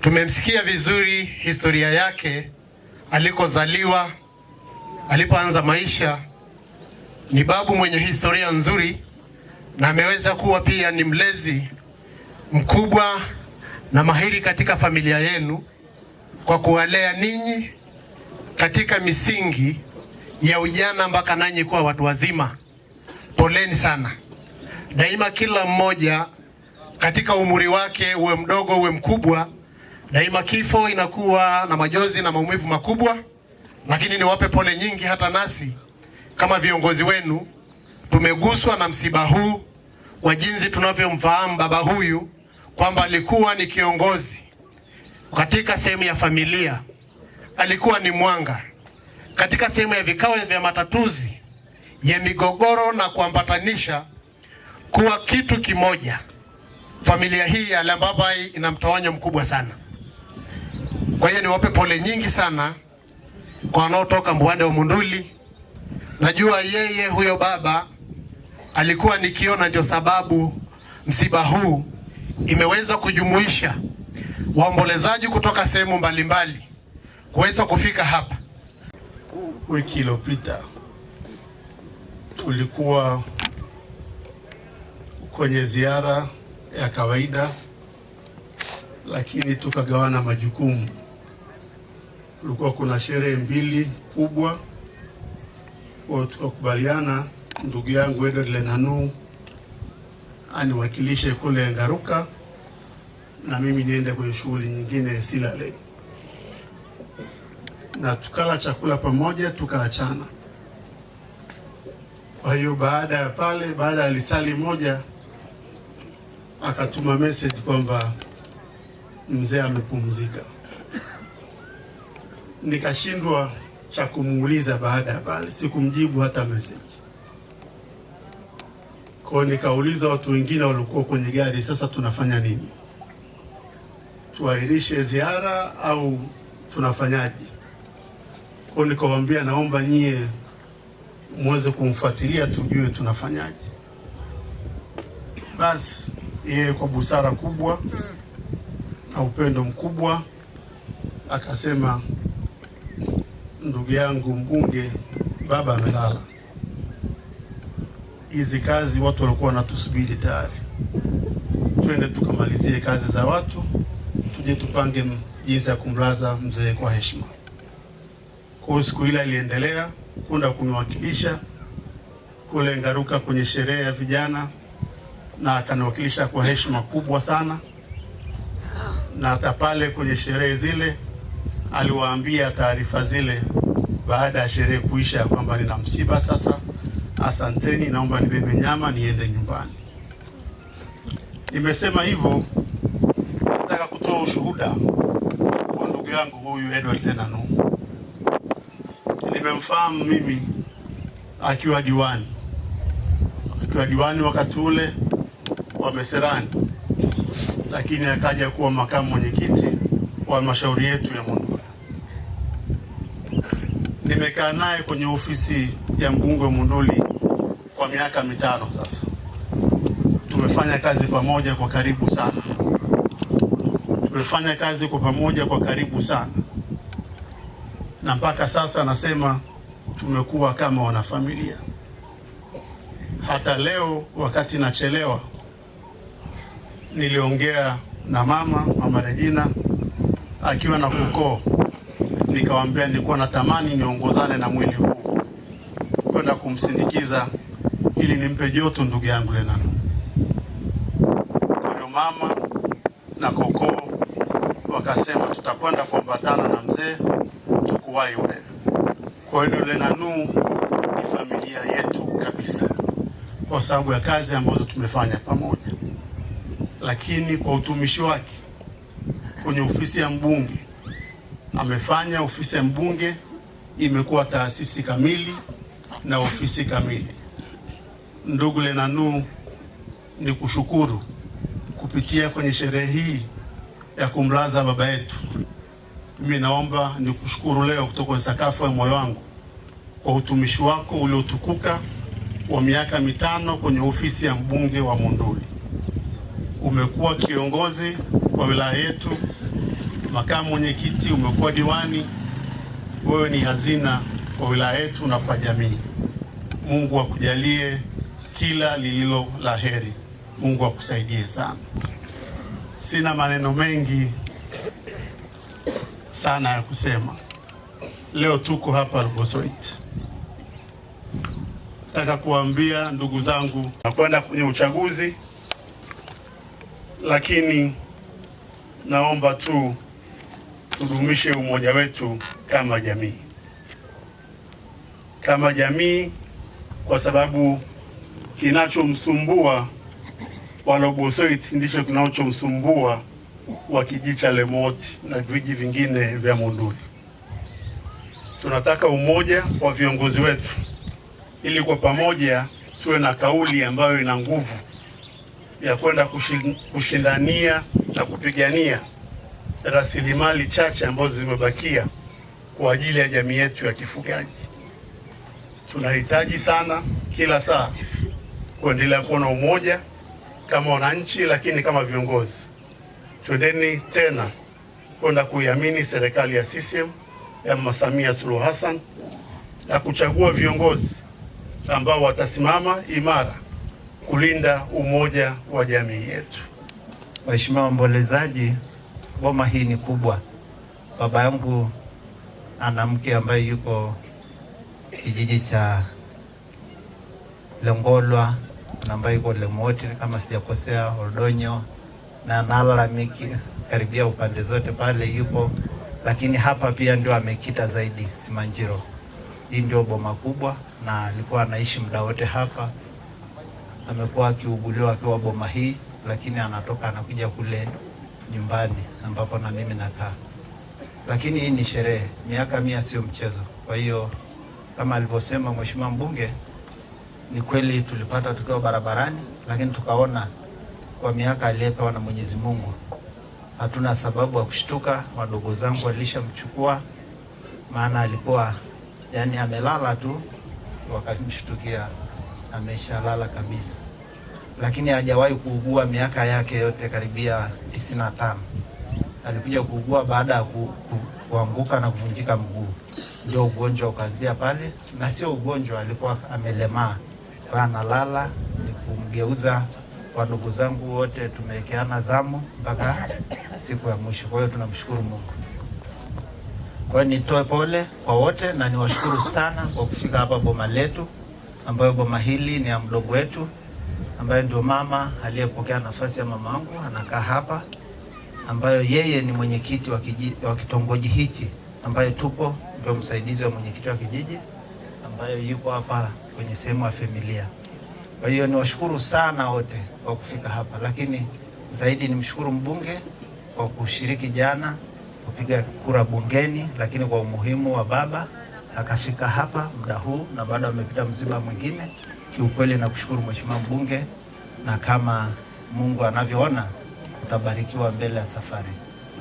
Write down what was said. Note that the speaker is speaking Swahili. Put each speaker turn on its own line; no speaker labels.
Tumemsikia vizuri historia yake, alikozaliwa, alipoanza maisha. Ni babu mwenye historia nzuri na ameweza kuwa pia ni mlezi mkubwa na mahiri katika familia yenu kwa kuwalea ninyi katika misingi ya ujana mpaka nanyi kuwa watu wazima. Poleni sana. Daima kila mmoja katika umri wake, uwe mdogo uwe mkubwa Daima kifo inakuwa na majozi na maumivu makubwa, lakini niwape pole nyingi. Hata nasi kama viongozi wenu tumeguswa na msiba huu kwa jinsi tunavyomfahamu baba huyu kwamba alikuwa ni kiongozi katika sehemu ya familia, alikuwa ni mwanga katika sehemu ya vikao vya matatuzi ya migogoro na kuambatanisha kuwa kitu kimoja familia hii ya Lambabai ina mtawanyo mkubwa sana. Kwa hiyo niwape pole nyingi sana kwa wanaotoka Mbwande wa Munduli. Najua yeye huyo baba alikuwa nikiona, ndio sababu msiba huu imeweza kujumuisha waombolezaji kutoka sehemu mbalimbali kuweza kufika hapa.
Wiki iliyopita tulikuwa kwenye ziara ya kawaida, lakini tukagawana majukumu kulikuwa kuna sherehe mbili kubwa, kwa tukakubaliana ndugu yangu Edward Lenanu aniwakilishe kule Ngaruka na mimi niende kwenye shughuli nyingine Silale, na tukala chakula pamoja, tukaachana. Kwa hiyo baada ya pale, baada ya lisali moja, akatuma message kwamba mzee amepumzika nikashindwa cha kumuuliza baada ya pale, sikumjibu hata message. Kwa nikauliza watu wengine waliokuwa kwenye gari, sasa tunafanya nini? Tuahirishe ziara au tunafanyaje? Kwa nikawaambia, naomba nyie muweze kumfuatilia tujue tunafanyaje. Basi yeye kwa busara kubwa na upendo mkubwa akasema ndugu yangu mbunge, baba amelala. Hizi kazi watu walikuwa wanatusubiri tayari, twende tukamalizie kazi za watu, tuje tupange jinsi ya kumlaza mzee kwa heshima. Kwa siku ile aliendelea kwenda kuniwakilisha kule Ngaruka kwenye sherehe ya vijana, na akaniwakilisha kwa heshima kubwa sana, na hata pale kwenye sherehe zile aliwaambia taarifa zile baada ya sherehe kuisha ya kwamba nina msiba sasa, asanteni, naomba nibebe nyama niende nyumbani. Nimesema hivyo, nataka kutoa ushuhuda kwa ndugu yangu huyu Edward Lenanu. Nimemfahamu mimi akiwa diwani, akiwa diwani wakati ule wa Meserani, lakini akaja kuwa makamu mwenyekiti wa halmashauri yetu ya nimekaa naye kwenye ofisi ya mbunge Munduli kwa miaka mitano sasa. Tumefanya kazi pamoja kwa karibu sana, tumefanya kazi kwa pamoja kwa karibu sana, na mpaka sasa nasema tumekuwa kama wanafamilia. Hata leo wakati nachelewa, niliongea na mama mama Regina akiwa na kukoo Nikawaambia nilikuwa natamani niongozane na mwili huu kwenda kumsindikiza ili nimpe joto ndugu yangu Lenana. Kwa hiyo mama na kokoo wakasema tutakwenda kuambatana na mzee tukuwai wewe. Kwa hiyo Lenanu ni familia yetu kabisa, kwa sababu ya kazi ambazo tumefanya pamoja, lakini kwa utumishi wake kwenye ofisi ya mbunge amefanya ofisi ya mbunge imekuwa taasisi kamili na ofisi kamili. Ndugu Lenanu, ni kushukuru kupitia kwenye sherehe hii ya kumlaza baba yetu. Mimi naomba ni kushukuru leo kutoka kwenye sakafu ya moyo wangu kwa utumishi wako uliotukuka wa miaka mitano kwenye ofisi ya mbunge wa Monduli. Umekuwa kiongozi wa wilaya yetu makamu mwenyekiti, umekuwa diwani, wewe ni hazina kwa wilaya yetu na kwa jamii. Mungu akujalie kila lililo la heri. Mungu akusaidie sana. Sina maneno mengi sana ya kusema leo, tuko hapa Lobosoit. Nataka kuambia ndugu zangu, nakwenda kwenye uchaguzi, lakini naomba tu tudumishe umoja wetu kama jamii, kama jamii, kwa sababu kinachomsumbua Walobosoit ndicho kinachomsumbua wa kijiji cha Lemot na vijiji vingine vya Monduli. Tunataka umoja wa viongozi wetu ili kwa pamoja tuwe na kauli ambayo ina nguvu ya kwenda kushindania na kupigania rasilimali chache ambazo zimebakia kwa ajili ya jamii yetu ya kifugaji. Tunahitaji sana kila saa kuendelea kuwa na umoja kama wananchi, lakini kama viongozi, twendeni tena kwenda kuiamini serikali ya CCM ya Mama Samia Suluhu Hassan na kuchagua viongozi ambao watasimama imara kulinda umoja wa jamii yetu.
Waheshimiwa waombolezaji Boma hii ni kubwa. Baba yangu ana mke ambaye yuko kijiji cha Longolwa na ambaye yuko Lemoti kama sijakosea, Oldonyo na analalamiki karibia upande zote pale yupo, lakini hapa pia ndio amekita zaidi Simanjiro. Hii ndio boma kubwa, na alikuwa anaishi muda wote hapa. Amekuwa akiuguliwa akiwa boma hii, lakini anatoka anakuja kule nyumbani ambapo na mimi nakaa, lakini hii ni sherehe. Miaka mia sio mchezo. Kwa hiyo kama alivyosema mheshimiwa mbunge, ni kweli tulipata tukiwa barabarani, lakini tukaona kwa miaka aliyepewa na Mwenyezi Mungu hatuna sababu ya kushtuka. Wadogo zangu walishamchukua, maana alikuwa yani amelala tu, wakamshtukia ameshalala kabisa lakini hajawahi kuugua miaka yake yote karibia tisini na tano. Alikuja kuugua baada ya ku, ku, kuanguka na kuvunjika mguu, ndio ugonjwa ukaanzia pale, na sio ugonjwa, alikuwa amelemaa kwa analala. Ni kumgeuza wadogo zangu wote, tumewekeana zamu mpaka siku ya mwisho. Kwa hiyo tunamshukuru Mungu. Kwa hiyo nitoe pole kwa wote na niwashukuru sana kwa kufika hapa boma letu, ambayo boma hili ni ya mdogo wetu ambaye ndio mama aliyepokea nafasi ya mamangu, anakaa hapa, ambayo yeye ni mwenyekiti wa kitongoji hichi ambayo tupo, ndio msaidizi wa mwenyekiti wa kijiji ambayo yuko hapa kwenye sehemu ya familia. Kwa hiyo niwashukuru sana wote kwa kufika hapa, lakini zaidi nimshukuru mbunge kwa kushiriki jana kupiga kura bungeni, lakini kwa umuhimu wa baba akafika hapa muda huu na bado amepita mzima mwingine. Kiukweli nakushukuru mheshimiwa mbunge, na kama Mungu anavyoona utabarikiwa mbele ya safari.